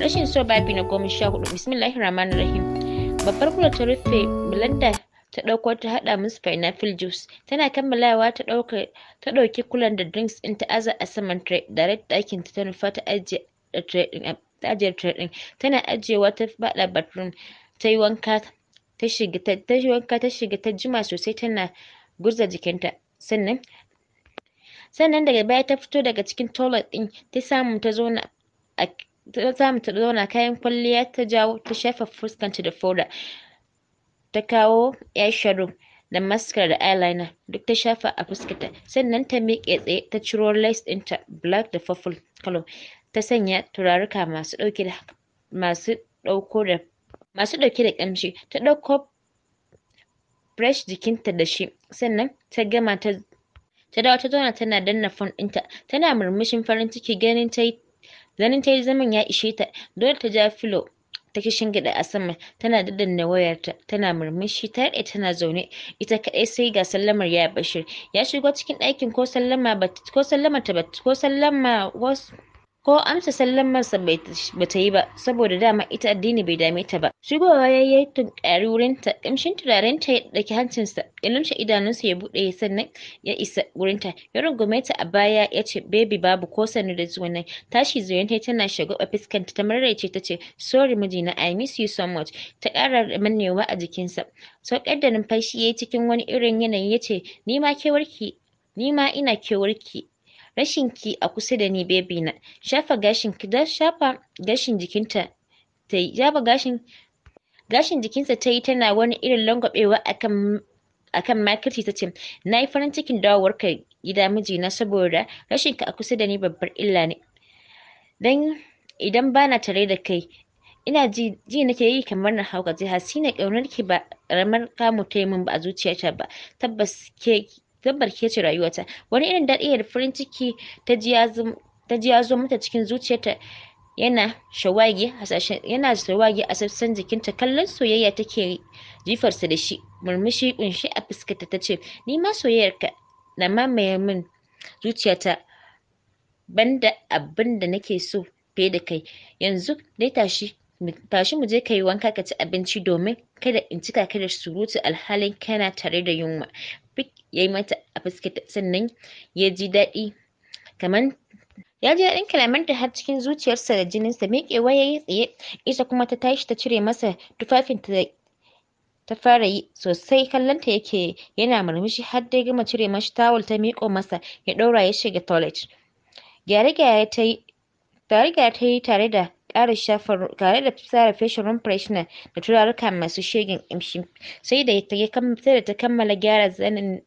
rashin so babi na goma sha hudu bismillahi rahmanir rahim babbar kula ta rufe blanda ta dauko ta hada musu pineapple juice tana kammalawa ta dauke ta ɗauki kulan da drinks din ta aza a saman tray direct ɗakin ta nufa ta ajiye tray ta ajiye tray din tana ajiyewa ta bada bathroom ta yi wanka ta shiga ta ta yi wanka ta shiga ta jima sosai tana gurza jikinta sannan sannan daga baya ta fito daga cikin toilet din ta samu ta zauna a samu ta zauna kayan kwalliya ta jawo ta shafa fuskanta da foda ta kawo eyeshadow da mascara da eyeliner duk ta shafa a fuskarta sannan ta miƙe tsaye ta ciro lace ɗinta black da purple color ta sanya turaruka masu ɗauke da masu ɗauko da masu ɗauke da ƙamshi ta ɗauko fresh jikinta da shi sannan ta gama ta ta dawo ta zauna tana danna fon ɗinta tana murmushin farin ciki ganin ta yi zanin tayi zaman ya ishe ta dole ta ja filo ta kishingiɗa a sama tana daddanna wayarta tana murmushi ta rike tana zaune ita kaɗai sai ga sallamar ya bashir ya shigo cikin ɗakin ko sallama ko sallama ta ko sallama ko amsa sallamarsa ba ta yi ba saboda dama ita addini bai dame ta ba shigowa ya yi tunkari wurinta kamshin turaren ta ya ɗauki hancinsa ya lumshe idanunsa ya buɗe sannan ya isa wurinta ya rungume ta a baya ya ce baby babu ko sanu da zuwa tashi zuwan ta tana shagwaba fuskanta ta maraice ta ce sorry na, i miss you so much ta ƙara mannewa a jikinsa saukar da numfashi ya yi cikin wani irin yanayi ya ce ni ma kewarki ni ma ina kewarki rashin ki a kusa da ni baby na shafa gashin ki da shafa gashin jikinta tayi shafa gashin gashin jikinsa tayi tana wani irin langwabewa akan akan makirci tace nayi farin cikin dawowarka gida mijina saboda rashin ka a kusa da ni babbar illa ne dan idan bana tare da kai ina ji ji nake yi kamar na hauka jiha hasina kaunar ki ba karamar kamu ta yi min ba a zuciyata ba tabbas ke zan ke ce rayuwata wani irin daɗi da farin ciki ta ji ya ta zo mata cikin zuciyarta yana shawagi hasashen yana shawagi a sassan jikinta kallon soyayya take jifarsa da shi murmushi kunshi a fuskarta ta ce ni ma soyayyarka na mamaye min zuciyata banda abin da nake so fiye da kai yanzu dai tashi tashi mu je ka wanka ka ci abinci domin kada in ci ka da surutu alhalin kana tare da yunwa fik yayi mata a fuskata sannan ya ji daɗi kaman ya ji daɗin kalamanta har cikin zuciyarsa da jininsa miƙewa ya yi tsaye ita kuma ta tashi ta cire masa tufafinta da ta fara yi sosai kallonta yake yana murmushi har dai gama cire mashi tawul ta miƙo masa ya ɗaura ya shiga toilet gyare-gyare tayi gyare ta tare da ƙara shafa tare da tsara fashion run freshener da turaruka masu shegen ƙamshi sai da ta kammala gyara zanin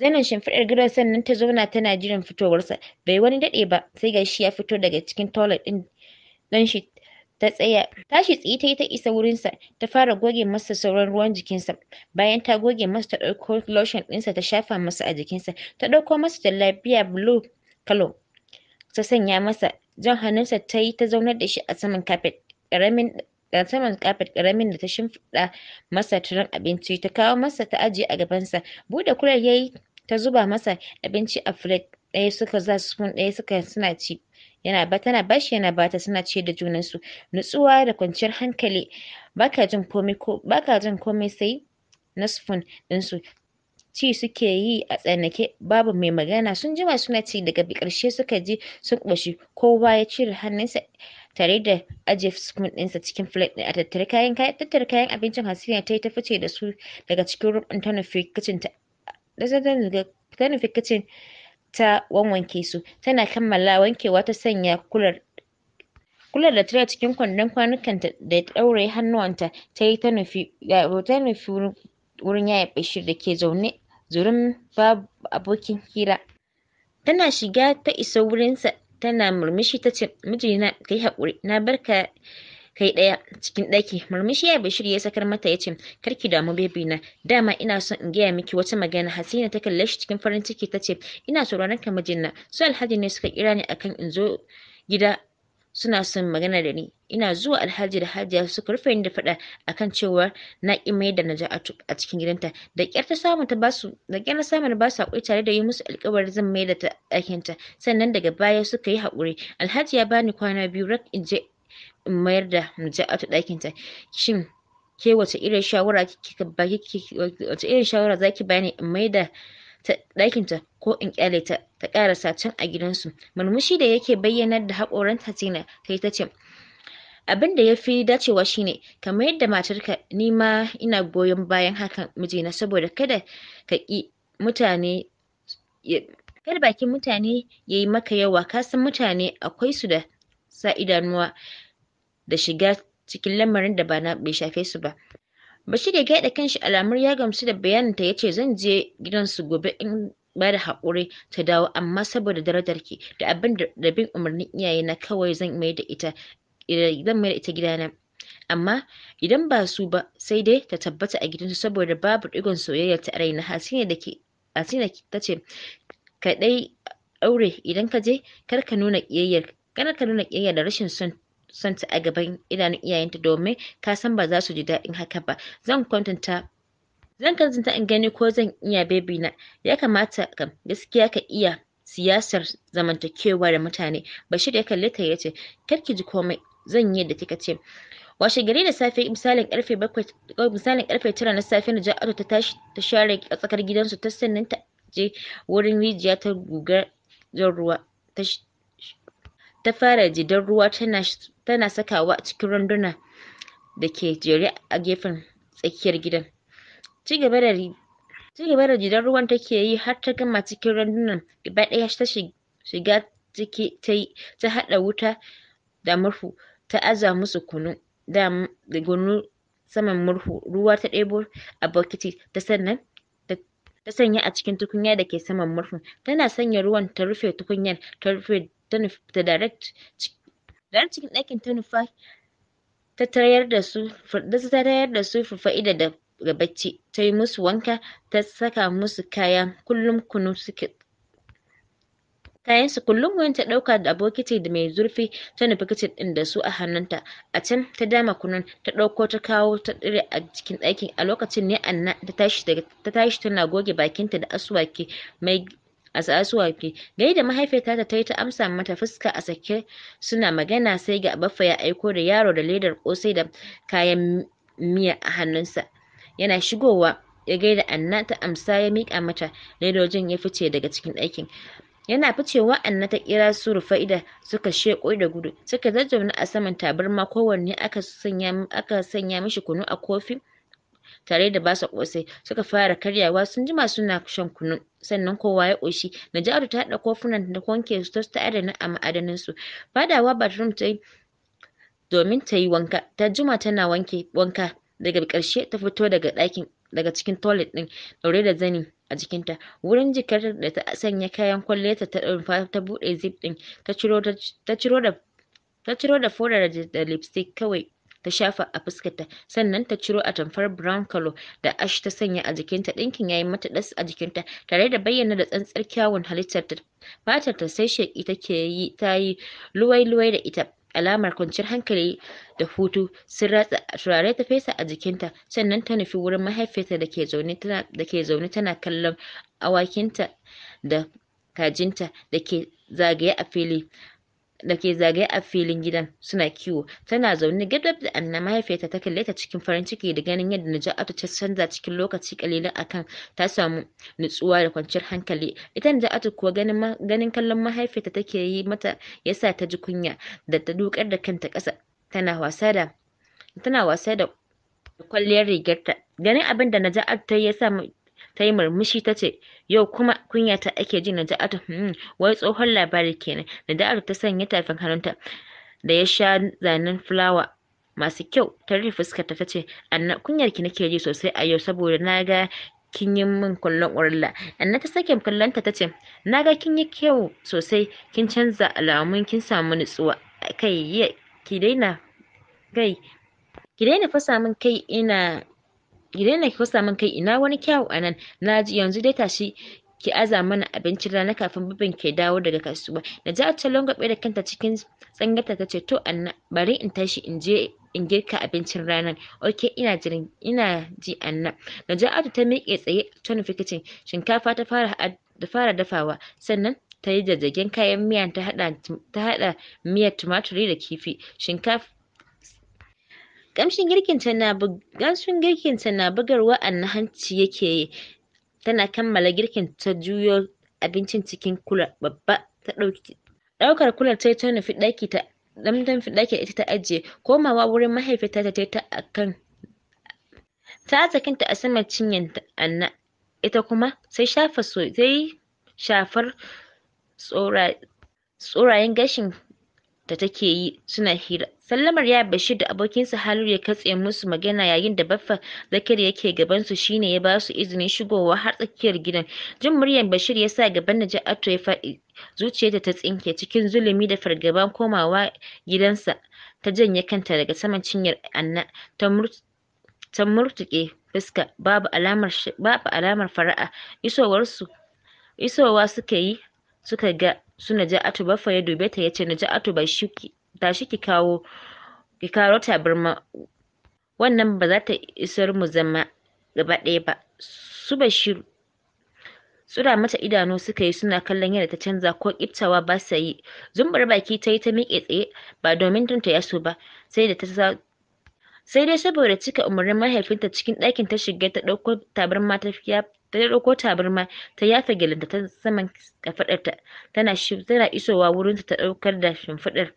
zanin shimfiɗar gidan sannan ta zauna tana jiran fitowarsa bai wani daɗe ba sai ga shi ya fito daga cikin toilet ɗin ɗan shi ta tsaya tashi tsaye ta yi ta isa wurinsa ta fara goge masa sauran ruwan jikinsa bayan ta goge masa ta ɗauko lotion ɗinsa ta shafa masa a jikinsa ta ɗauko masa da jallabiya blue color ta sanya masa jan hannunsa ta yi ta zaunar da shi a saman kafet ƙaramin da saman kafet karamin da ta shimfiɗa masa turan abinci ta kawo masa ta ajiye a gabansa buɗe kular yi ta zuba masa abinci a plate ɗaya suka za spoon ɗaya suka suna ci yana ba tana bashi yana bata suna ci da junansu nutsuwa da kwanciyar hankali baka jin komai ko baka jin komai sai na spoon ɗinsu ci suke yi a tsanake babu mai magana sun jima suna ci daga ƙarshe suka je sun ƙoshi kowa ya cire hannunsa tare da ajiye spoon ɗinsa cikin plate ɗin a tattare kayan kayan tattara kayan abincin hasiya ta yi ta fice da su daga cikin rubin ta nufi kicin ta ta nufi kicin ta wanwanke su tana kammala wankewa ta sanya kular kula da tare cikin kwandon ta da ta ɗaure hannuwanta ta yi ta nufi ta nufi wurin yaya bashir da ke zaune zurin babu abokin hira. Tana shiga ta isa wurinsa tana murmushi ta ce, Mijina, kayi hakuri na barka kai ɗaya cikin ɗaki. Murmushi ya bishir ya sakar mata ya ce, ki damu bebi na, dama ina son in gaya miki wata magana. Hasina ta kalle shi cikin farin ciki ta ce, Ina sauraron ka mijina, su alhaji ne suka kira ni akan in zo gida suna son magana da ni ina zuwa alhaji da hajiya suka rufe ni da faɗa akan cewa na ƙi da naja'atu a cikin gidanta da ƙyar ta samu ta basu da kyar na samu na basu haƙuri tare da yi musu alƙawarin zan mai da ta ɗakinta sannan daga baya suka yi hakuri alhaji ya bani kwana biyu rak in je in mayar da naja'atu ɗakinta shin ke wace irin shawara kike ba wace irin shawara zaki bani in mai da ta ɗakinta ko in kyale ta ta ƙarasa can a gidansu murmushi da yake bayyanar da haƙoranta tina kai ta ce abin da ya fi dacewa shine kamar yadda matarka ni ma ina goyon bayan hakan mijina saboda kada ka ƙi mutane kada bakin mutane ya yi maka yawa ka san mutane akwai su da sa idanuwa da shiga cikin lamarin da ba na bai shafe su ba Bashir ya gaida kanshi alamar ya gamsu da bayaninta ya ce zan je gidansu gobe in ba da haƙuri ta dawo amma saboda daradarki da abin da bin umarnin iyayena kawai zan mai da ita eh, zan mai da ita gidana amma idan ba su ba sai dai ta tabbata a gidansu saboda babu digon soyayya ta raina hasina da ke hasina ta ce ka dai aure idan ka je kar ka nuna kiyayyar kar ka nuna kiyayya da rashin son son ta a gaban idanun iyayenta domin ka san ba za su ji daɗin haka ba zan kwantanta zan kwantanta in gani ko zan iya baby na ya kamata kam gaskiya ka iya siyasar zamantakewa da mutane bashir ya kalli ta ya ce karki ji komai zan yi da kika ce washe gari da safe misalin karfe bakwai oh, tara na safe na ja'adu ta tashi ta share a tsakar gidansu ta sannan ta je wurin rijiya ta gugar ruwa ta fara jidan ruwa tana tana sakawa a cikin randuna da ke jere a gefen tsakiyar gidan ci gaba da ci ruwan take yi har ta gama cikin randunan gaba ɗaya ta shiga ciki ta yi ta haɗa wuta da murhu ta aza musu kunu da kunu saman murhu ruwa ta ɗebo a bokiti ta sannan ta sanya a cikin tukunya da ke saman murhun tana sanya ruwan ta rufe tukunyar ta rufe ta direct Ranar cikin ɗakin ta nufa ta tayar da su su da su fa'ida da ga ta yi musu wanka ta saka musu kaya kullum kunu suke kayan su kullum wani ta ɗauka da bokiti da mai zurfi ta nufi kicin ɗin da su a hannunta a can ta dama kunun ta ɗauko ta kawo ta ɗire a cikin ɗakin a lokacin ne anna ta tashi ta tashi tana goge bakinta da asuwaki mai a gai gaida mahaifiyarta ta yi ta amsa mata fuska a sake suna magana sai ga baffa ya aiko da yaro da ledar kosai da kayan miya a hannunsa yana shigowa ya gaida anna ta amsa ya miƙa mata ledojin ya fice daga cikin ɗakin yana ficewa anna ta kira su rufa'ida suka sheƙo da gudu suka zazzauna a saman tabarma kowanne aka sanya aka sanya mishi kunu a kofi tare da basa kosai suka fara karyawa sun jima suna shan kunu sannan kowa ya koshi najaru ta haɗa kofunan da wanke su ta adana a ma'adanin su fadawa bathroom ta yi domin ta yi wanka ta jima tana wanke wanka daga ƙarshe ta fito daga ɗakin daga cikin toilet ɗin ɗaure da zani a jikinta wurin jikar da ta sanya kayan kwalliyarta ta ɗauka ta buɗe zip ɗin ta ciro da ta ciro da ta ciro da da lipstick kawai ta shafa a fuskarta sannan ta ciro atamfar brown color da ash ta sanya a jikinta ɗinkin yayi mata ɗas a jikinta tare da bayyana da tsantsar kyawun halittar ta fatar ta sai sheƙi take yi tayi yi luwai-luwai da ita alamar kwanciyar hankali da hutu sun ratsa turare ta fesa a jikinta sannan ta nufi wurin mahaifiyarta da ke zaune tana da zaune tana kallon awakinta da kajinta da ke zagaye a fili da ke zagaye a filin gidan suna kiwo tana zaune gab da Anna mahaifiyarta ta kalle ta cikin farin ciki da ganin yadda Naja'atu ta canza cikin lokaci kalilan akan ta samu nutsuwa da kwanciyar hankali ita Naja'atu kuwa ganin ganin kallon mahaifiyarta take yi mata yasa ta ji kunya da ta dukar da kanta ƙasa tana wasa da tana wasa da kwalliyar rigarta ganin abin da Naja'atu ta yi yasa ta yi murmushi ta ce yau kuma kunya ta ake ji Nada'atu hmm wai tsohon labari kenan Nada'atu ta sanya tafin hannunta da ya sha zanen fulawa masu kyau ta rufe fuskarta ta ce anna kunyar ki nake ji sosai a yau saboda na ga kin yi min kallon urla anna ta sake kallonta ta ce na ga kin yi kyau sosai kin canza alamun kin samu nutsuwa kai ki daina kai ki daina fasa min kai ina ki na ki kusa min kai ina wani kyawu a nan na ji yanzu dai tashi ki aza mana abincin rana kafin babin ke dawo daga kasuwa na ji a da kanta cikin tsangata ta ce to anna bari in tashi in je in girka abincin rana ok ina jirin ina ji anna na ji ta miƙe tsaye ta nufi kicin shinkafa ta fara da fara dafawa sannan ta yi jajjagen kayan miya ta hada ta haɗa miyar tumaturi da kifi shinkafa Kamshin girkinta na girkinta na bugar wa'annan hanci yake yi. Tana kammala girkin ta juyo abincin cikin kula babba ta ɗauki. Ɗaukar kular yi ta nufi ɗaki ta nufi ita ta ajiye. Komawa wurin mahaifiyarta ta ta akan ta aza kanta a saman cinyar Anna ita kuma sai shafa sai shafar tsorayen gashin da take yi suna hira sallamar ya bashir da abokinsa haliru ya katse musu magana yayin da baffa zakir yake gaban su shine ya ba su izinin shigowa har tsakiyar gidan jin muryar bashir ya sa gaban ato ya faɗi zuciyarta ta tsinke cikin zulumi da fargaban komawa gidansa ta janye kanta daga saman cinyar anna ta murtuke fuska babu alamar babu alamar fara'a su isowa suka yi suka ga su Naja'atu Baffa ya dube ta ya ce atu ba shi ki kawo ki ta birma wannan ba za ta isar mu zama gaba ɗaya ba su Bashiru tsura mata idanu suka yi suna kallon yadda ta canza ko kiftawa ba sa yi zumbar baki ta yi ta miƙe tsaye ba domin tunta ya so ba sai da ta sa sai dai saboda cika umarnin mahaifinta cikin ɗakin ta shiga ta ɗauko tabarma ta ta ɗauko tabarma ta yafa gyalanta ta saman ta tana tana isowa wurin ta ɗaukar da shimfiɗar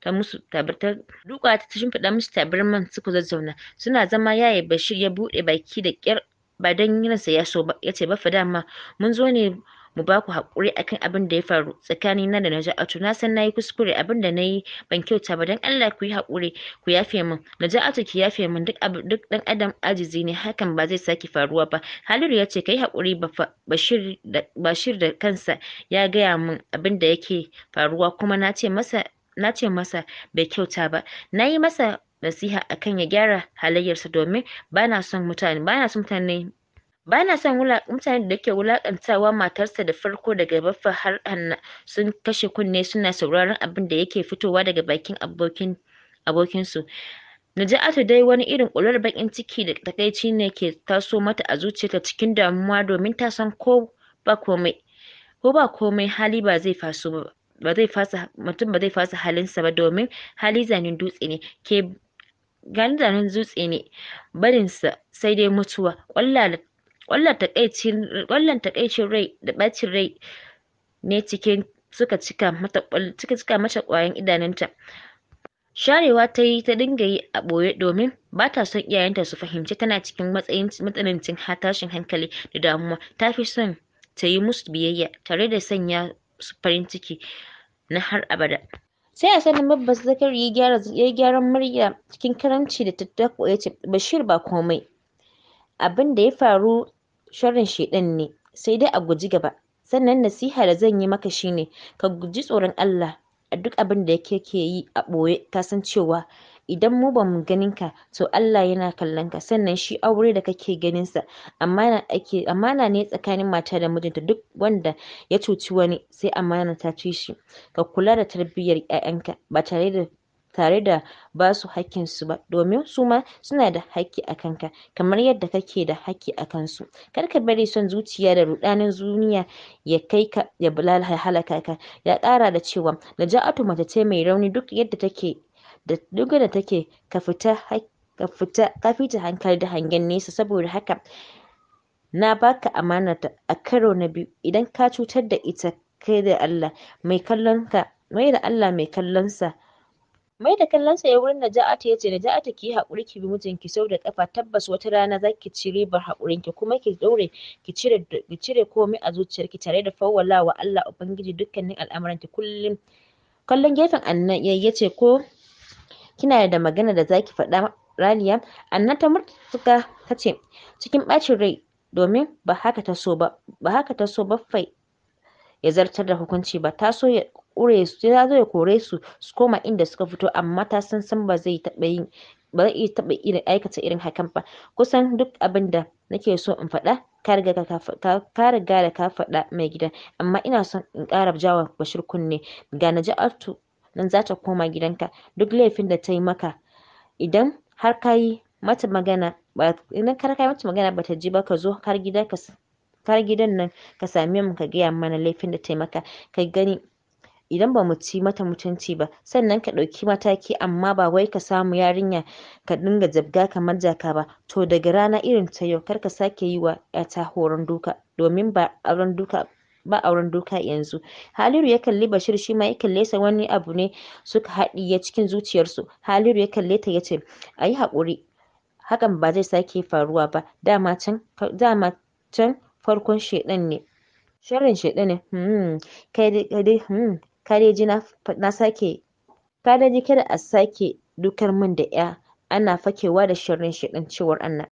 ta musu tabarta duka ta shimfiɗa musu tabarman suka zazzauna suna zama yaye bashir ya buɗe baki da ƙyar ba don yinsa ya so ba ya ce ba fa dama mun zo ne mu ba ku haƙuri akan abin da ya faru tsakani na da Naja'atu na san nayi kuskure abin da nayi ban kyauta ba dan Allah ku yi haƙuri ku yafe min na Naja'atu ki yafe min duk duk dan adam ajizi ne hakan ba zai sake faruwa ba Haliru ya ce kai haƙuri Bashir da Bashir da kansa ya gaya min abin da yake faruwa kuma na ce masa na ce masa bai kyauta ba na yi masa nasiha akan ya gyara halayyarsa domin bana son mutane bana son mutane ba na son mutane da ke wulakantawa matarsa da farko daga baffa har hanna sun kashe kunne suna sauraron abin da yake fitowa daga bakin abokin abokinsu Naja'atu dai wani irin ƙurar baƙin ciki da takaici ne ke taso mata a zuciyarta cikin damuwa domin ta san ko ba komai ko ba komai hali ba zai faso ba ba zai fasa mutum ba zai fasa halinsa ba domin hali zanen dutse ne ke gani zanen dutse ne barinsa sai dai mutuwa ƙwalla Ƙwallon takaicin rai da bacin rai ne suka cika mata ƙwayan idanunta, sharewa ta yi ta dinga yi a boye domin ba ta son iyayenta su fahimci tana cikin matsanancin tashin hankali da damuwa, ta fi son ta yi musu biyayya tare da sanya su farin ciki na har abada. Sai a sanin Babba Zakari ya yi gyaran murya cikin karamci da tattako ya ce, “Bashir ba komai.” abin da ya faru sharrin ɗin ne sai dai a guji gaba sannan nasiha da zan yi maka shine ka guji tsoron Allah a duk abin da kake yi a ɓoye ka cewa idan mu bamu ganin ka to Allah yana kallon ka sannan shi aure da kake ganin sa amana ake amana ne tsakanin mata da mijinta duk wanda ya cuci wani sai amana ta ci shi ka kula da tarbiyyar 'ya'yanka ba tare da tare da basu hakkin su ba domin su ma suna da hakki a kanka kamar yadda kake da hakki a kansu kar ka bari son zuciya da ruɗanin zuniya ya kai ka ya halaka ka ya ƙara da cewa naja'atu mace ce mai rauni duk yadda take da duk da take ka fita ka fita ka fita hankali da hangen nesa saboda haka na baka amanarta a karo na biyu idan ka cutar da ita kai da Allah mai kallon ka mai da Allah mai kallon sa mai da kallonsa ya wurin Naja'atu ya ce Naja'atu ki yi haƙuri ki bi mijinki sau da ƙafa tabbas wata rana za ki ci ribar haƙurinki kuma ki daure ki cire ki cire komai a zuciyarki tare da fawwala wa Allah Ubangiji dukkanin al'amuranki kullum kallon gefen annan ya ce ko kina da magana da zaki faɗa Raliya annan ta murtuka ta ce cikin ɓacin rai domin ba haka ta so ba ba haka ta so ba fai ya zartar da hukunci ba ta so ƙure su ya zo ya kore su su koma inda suka fito amma ta san san ba zai taɓa yin ba zai iya taɓa irin aikata irin hakan ba kusan duk abin da nake so in faɗa ka riga ka riga da ka faɗa mai gida amma ina son in ƙara jawa Bashir kunne ga Naja'atu nan za ta koma gidanka duk laifin da ta yi maka idan har ka mata magana ba idan har ka mata magana ba ta ji ba ka zo har gida ka kar gidan nan ka same mu ka gaya mana laifin da ta yi maka ka gani idan ba mu ci mata mutunci ba sannan ka ɗauki mataki amma ba wai ka samu yarinya ka dinga zabga kamar jaka ba to daga rana irin ta yau kar ka sake yi wa ƴata horon duka domin ba auren duka ba auren duka yanzu Haliru ya kalli Bashir shi ma ya kalle sa wani abu ne suka haɗi ya cikin zuciyarsu Haliru ya kalle ta yace yi haƙuri hakan ba zai sake faruwa ba dama can dama can farkon shedan ne sharrin shedan ne hmm kai dai hmm. kareji na na sake kada kada a sake dukar min da ƴa ana fakewa da shirin sheɗan cewar Anna